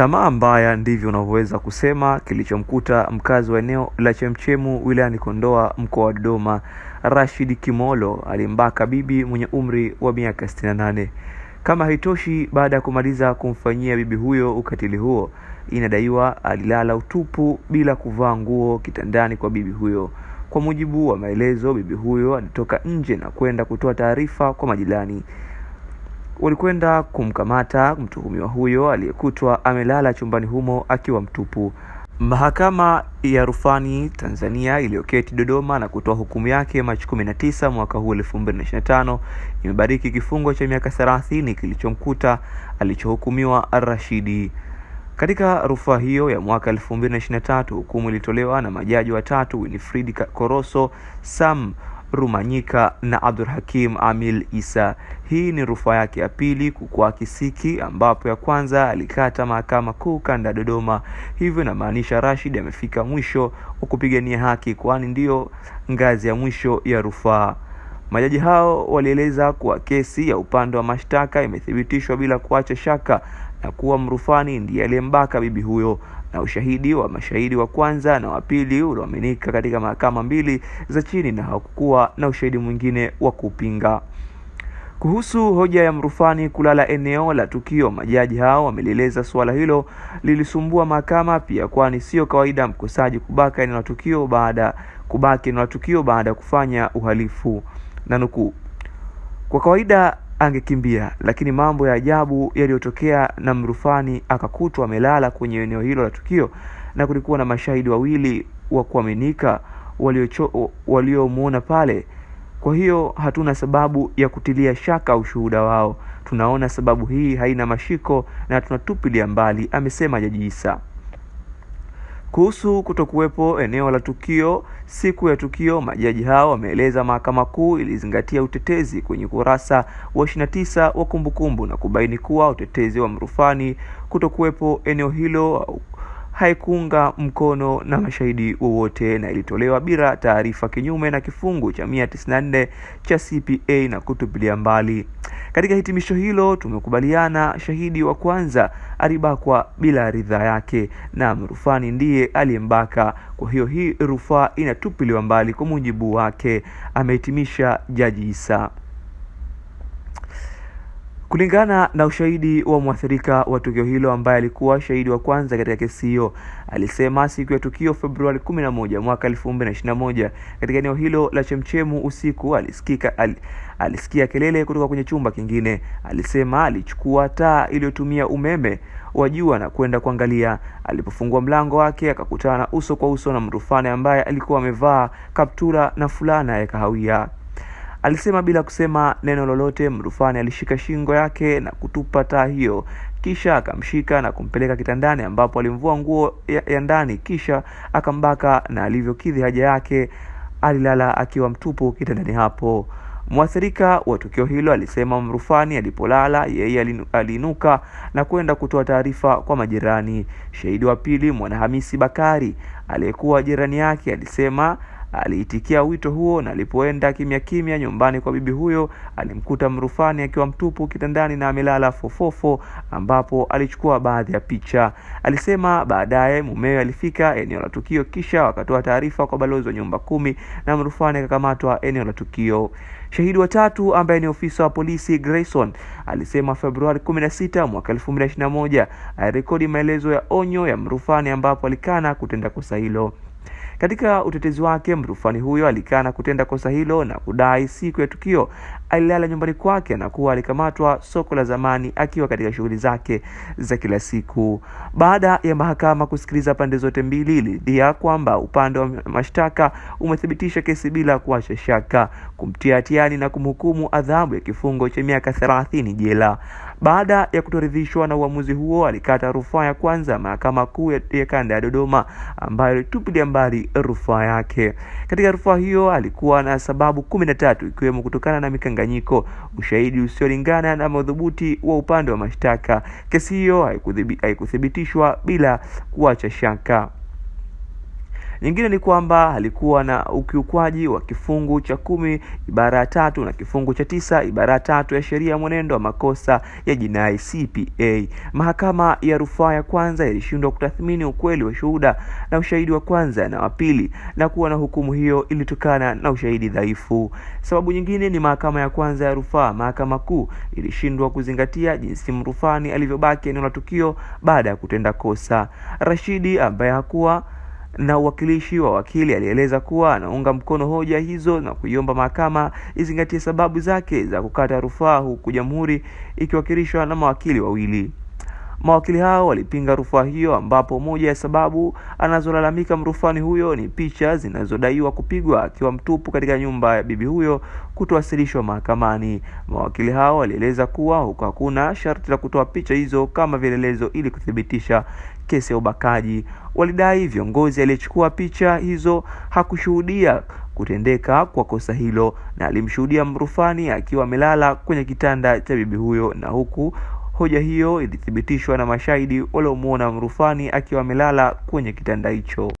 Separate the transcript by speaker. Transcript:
Speaker 1: Tamaa mbaya ndivyo unavyoweza kusema kilichomkuta mkazi wa eneo la Chemchemu wilayani Kondoa mkoa wa Dodoma, Rashid Kimolo alimbaka bibi mwenye umri wa miaka 68. Kama haitoshi, baada ya kumaliza kumfanyia bibi huyo ukatili huo, inadaiwa alilala utupu bila kuvaa nguo kitandani kwa bibi huyo. Kwa mujibu wa maelezo, bibi huyo alitoka nje na kwenda kutoa taarifa kwa majirani walikwenda kumkamata mtuhumiwa huyo aliyekutwa amelala chumbani humo akiwa mtupu. Mahakama ya Rufani Tanzania iliyoketi Dodoma na kutoa hukumu yake Machi 19 mwaka huu 2025 imebariki kifungo cha miaka 30 kilichomkuta alichohukumiwa Rashidi. Katika rufaa hiyo ya mwaka 2023, hukumu ilitolewa na majaji watatu Winifridi Koroso, Sam Rumanyika na abdul hakim Amil Isa. Hii ni rufaa yake ya pili kwa kisiki, ambapo ya kwanza alikata Mahakama Kuu Kanda ya Dodoma. Hivyo inamaanisha Rashid amefika mwisho wa kupigania haki, kwani ndiyo ngazi ya mwisho ya rufaa. Majaji hao walieleza kuwa kesi ya upande wa mashtaka imethibitishwa bila kuacha shaka na kuwa mrufani ndiye aliyembaka bibi huyo na ushahidi wa mashahidi wa kwanza na wa pili ulioaminika katika mahakama mbili za chini na hakukuwa na ushahidi mwingine wa kupinga. Kuhusu hoja ya mrufani kulala eneo la tukio, majaji hao wamelieleza suala hilo lilisumbua mahakama pia, kwani sio kawaida mkosaji kubaka eneo la tukio baada kubaki eneo la tukio baada ya kufanya uhalifu na nukuu, kwa kawaida angekimbia, lakini mambo ya ajabu yaliyotokea na mrufani akakutwa amelala kwenye eneo hilo la tukio, na kulikuwa na mashahidi wawili wa kuaminika waliomwona pale. Kwa hiyo hatuna sababu ya kutilia shaka ushuhuda wao. Tunaona sababu hii haina mashiko na tunatupilia mbali, amesema Jaji isa kuhusu kutokuwepo eneo la tukio siku ya tukio, majaji hao wameeleza Mahakama Kuu ilizingatia utetezi kwenye ukurasa wa 29 wa kumbukumbu na kubaini kuwa utetezi wa mrufani kutokuwepo eneo hilo haikuunga mkono na mashahidi wowote na ilitolewa bila taarifa kinyume na kifungu cha 194 cha CPA na kutupilia mbali. Katika hitimisho hilo, tumekubaliana shahidi wa kwanza alibakwa bila ridhaa yake na mrufani ndiye aliyembaka, kwa hiyo hii rufaa inatupiliwa mbali kwa mujibu wake, amehitimisha Jaji Isa. Kulingana na ushahidi wa mwathirika wa tukio hilo ambaye alikuwa shahidi wa kwanza katika kesi hiyo, alisema siku ya tukio Februari 11 mwaka 2021, katika eneo hilo la Chemchemu usiku alisikika al, alisikia kelele kutoka kwenye chumba kingine. Alisema alichukua taa iliyotumia umeme wa jua na kwenda kuangalia. Alipofungua mlango wake akakutana uso kwa uso na mrufane ambaye alikuwa amevaa kaptura na fulana ya kahawia. Alisema bila kusema neno lolote. Mrufani alishika shingo yake na kutupa taa hiyo, kisha akamshika na kumpeleka kitandani ambapo alimvua nguo ya, ya ndani kisha akambaka, na alivyokidhi haja yake alilala akiwa mtupu kitandani hapo. Mwathirika wa tukio hilo alisema Mrufani alipolala yeye aliinuka na kwenda kutoa taarifa kwa majirani. Shahidi wa pili Mwanahamisi Bakari aliyekuwa jirani yake alisema Aliitikia wito huo na alipoenda kimya kimya nyumbani kwa bibi huyo, alimkuta Mrufani akiwa mtupu kitandani na amelala fofofo, ambapo alichukua baadhi ya picha. Alisema baadaye mumewe alifika eneo la tukio, kisha wakatoa taarifa kwa balozi wa nyumba kumi na Mrufani akakamatwa eneo la tukio. Shahidi wa tatu ambaye ni ofisa wa polisi Grayson alisema Februari 16 mwaka 2021 alirekodi maelezo ya onyo ya Mrufani ambapo alikana kutenda kosa hilo. Katika utetezi wake, mrufani huyo alikana kutenda kosa hilo na kudai siku ya tukio alilala nyumbani kwake na kuwa alikamatwa soko la zamani akiwa katika shughuli zake za kila siku. Baada ya mahakama kusikiliza pande zote mbili, iliridhia kwamba upande wa mashtaka umethibitisha kesi bila kuacha shaka, kumtia hatiani na kumhukumu adhabu ya kifungo cha miaka 30 jela. Baada ya kutoridhishwa na uamuzi huo, alikata rufaa ya kwanza mahakama kuu ya kanda ya Dodoma ambayo ilitupilia mbali rufaa yake. Katika rufaa hiyo alikuwa na sababu kumi na tatu ikiwemo kutokana na mikanganyiko, ushahidi usiolingana na madhubuti wa upande wa mashtaka. Kesi hiyo haikuthibitishwa bila kuacha shaka. Nyingine ni kwamba alikuwa na ukiukwaji wa kifungu cha kumi ibara ya tatu na kifungu cha tisa ibara ya tatu ya sheria ya mwenendo wa makosa ya jinai CPA. Mahakama ya rufaa ya kwanza ilishindwa kutathmini ukweli wa shuhuda na ushahidi wa kwanza na wa pili na kuwa na hukumu hiyo ilitokana na ushahidi dhaifu. Sababu nyingine ni mahakama ya kwanza ya rufaa, mahakama kuu ilishindwa kuzingatia jinsi mrufani alivyobaki eneo la tukio baada ya kutenda kosa. Rashidi ambaye hakuwa na uwakilishi wa wakili alieleza kuwa anaunga mkono hoja hizo na kuiomba mahakama izingatie sababu zake za kukata rufaa, huku jamhuri ikiwakilishwa na mawakili wawili. Mawakili hao walipinga rufaa hiyo, ambapo moja ya sababu anazolalamika mrufani huyo ni picha zinazodaiwa kupigwa akiwa mtupu katika nyumba ya bibi huyo kutowasilishwa mahakamani. Mawakili hao walieleza kuwa huko hakuna sharti la kutoa picha hizo kama vielelezo ili kuthibitisha kesi ya ubakaji. Walidai viongozi aliyechukua picha hizo hakushuhudia kutendeka kwa kosa hilo na alimshuhudia mrufani akiwa amelala kwenye kitanda cha bibi huyo, na huku hoja hiyo ilithibitishwa na mashahidi waliomwona mrufani akiwa amelala kwenye kitanda hicho.